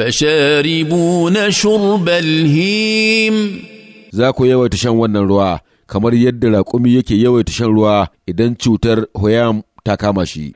فشاربون شرب الهيم za ku yawaita shan wannan ruwa kamar yadda raƙumi yake yawaita shan ruwa idan cutar hoyam ta kama shi